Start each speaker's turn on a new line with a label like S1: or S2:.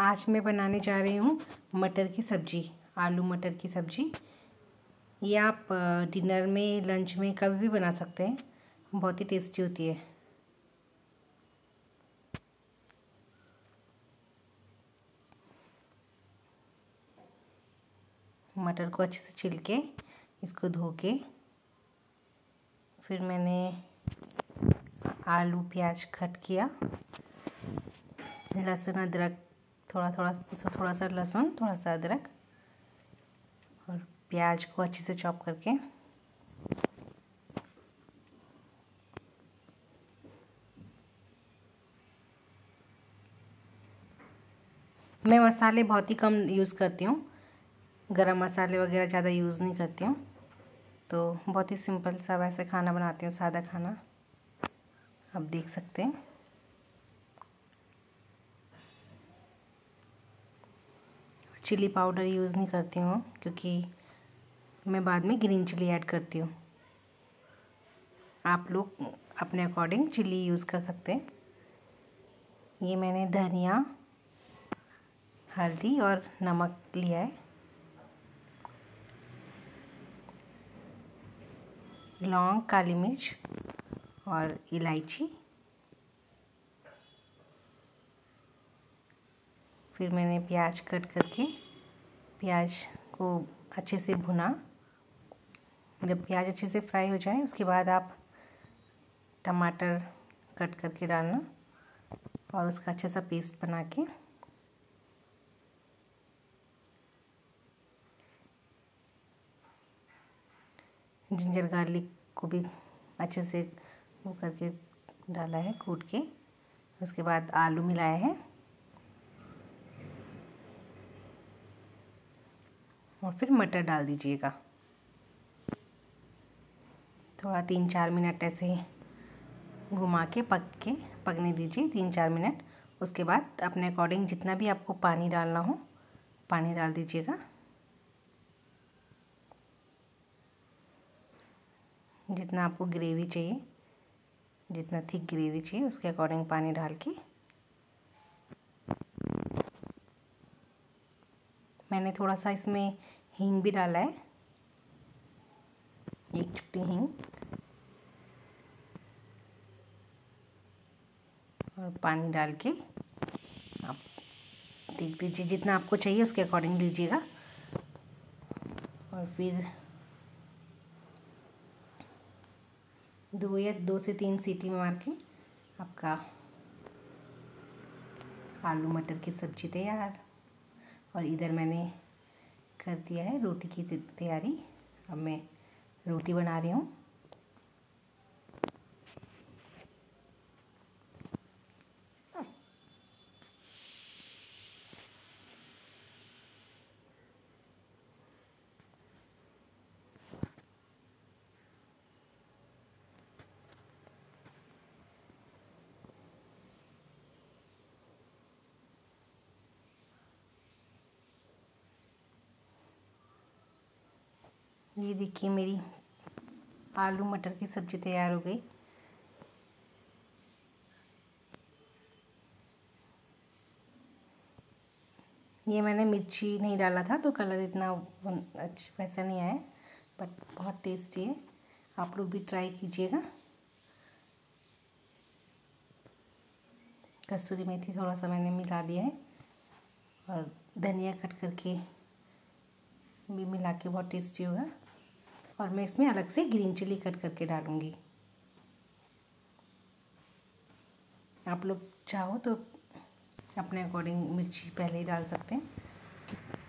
S1: आज मैं बनाने जा रही हूँ मटर की सब्ज़ी आलू मटर की सब्ज़ी ये आप डिनर में लंच में कभी भी बना सकते हैं बहुत ही टेस्टी होती है मटर को अच्छे से छिल के इसको धो के फिर मैंने आलू प्याज कट किया लहसुन अदरक थोड़ा थोड़ा सा थोड़ा सा लहसुन थोड़ा सा अदरक और प्याज को अच्छे से चॉप करके मैं मसाले बहुत ही कम यूज़ करती हूँ गरम मसाले वगैरह ज़्यादा यूज़ नहीं करती हूँ तो बहुत ही सिंपल सा वैसे खाना बनाती हूँ सादा खाना आप देख सकते हैं चिली पाउडर यूज़ नहीं करती हूँ क्योंकि मैं बाद में ग्रीन चिली ऐड करती हूँ आप लोग अपने अकॉर्डिंग चिली यूज़ कर सकते हैं ये मैंने धनिया हल्दी और नमक लिया है लौंग काली मिर्च और इलायची फिर मैंने प्याज कट करके प्याज को अच्छे से भुना जब प्याज अच्छे से फ्राई हो जाए उसके बाद आप टमाटर कट करके डालना और उसका अच्छा सा पेस्ट बना के जिंजर गार्लिक को भी अच्छे से वो करके डाला है कूट के उसके बाद आलू मिलाया है और फिर मटर डाल दीजिएगा थोड़ा तीन चार मिनट ऐसे घुमा के पक के पकने दीजिए तीन चार मिनट उसके बाद अपने अकॉर्डिंग जितना भी आपको पानी डालना हो पानी डाल दीजिएगा जितना आपको ग्रेवी चाहिए जितना थिक ग्रेवी चाहिए उसके अकॉर्डिंग पानी डाल के मैंने थोड़ा सा इसमें हींग भी डाला है एक छुट्टी हींग और पानी डाल के आप देख लीजिए जितना आपको चाहिए उसके अकॉर्डिंग लीजिएगा और फिर दो या दो से तीन सीटी मार के आपका आलू मटर की सब्जी तैयार और इधर मैंने कर दिया है रोटी की तैयारी अब मैं रोटी बना रही हूँ ये देखिए मेरी आलू मटर की सब्ज़ी तैयार हो गई ये मैंने मिर्ची नहीं डाला था तो कलर इतना अच्छा वैसा नहीं आया बट बहुत टेस्टी है आप लोग भी ट्राई कीजिएगा कस्तूरी मेथी थोड़ा सा मैंने मिला दिया है और धनिया कट करके भी मिला के बहुत टेस्टी होगा और मैं इसमें अलग से ग्रीन चिली कट करके डालूँगी आप लोग चाहो तो अपने अकॉर्डिंग मिर्ची पहले ही डाल सकते हैं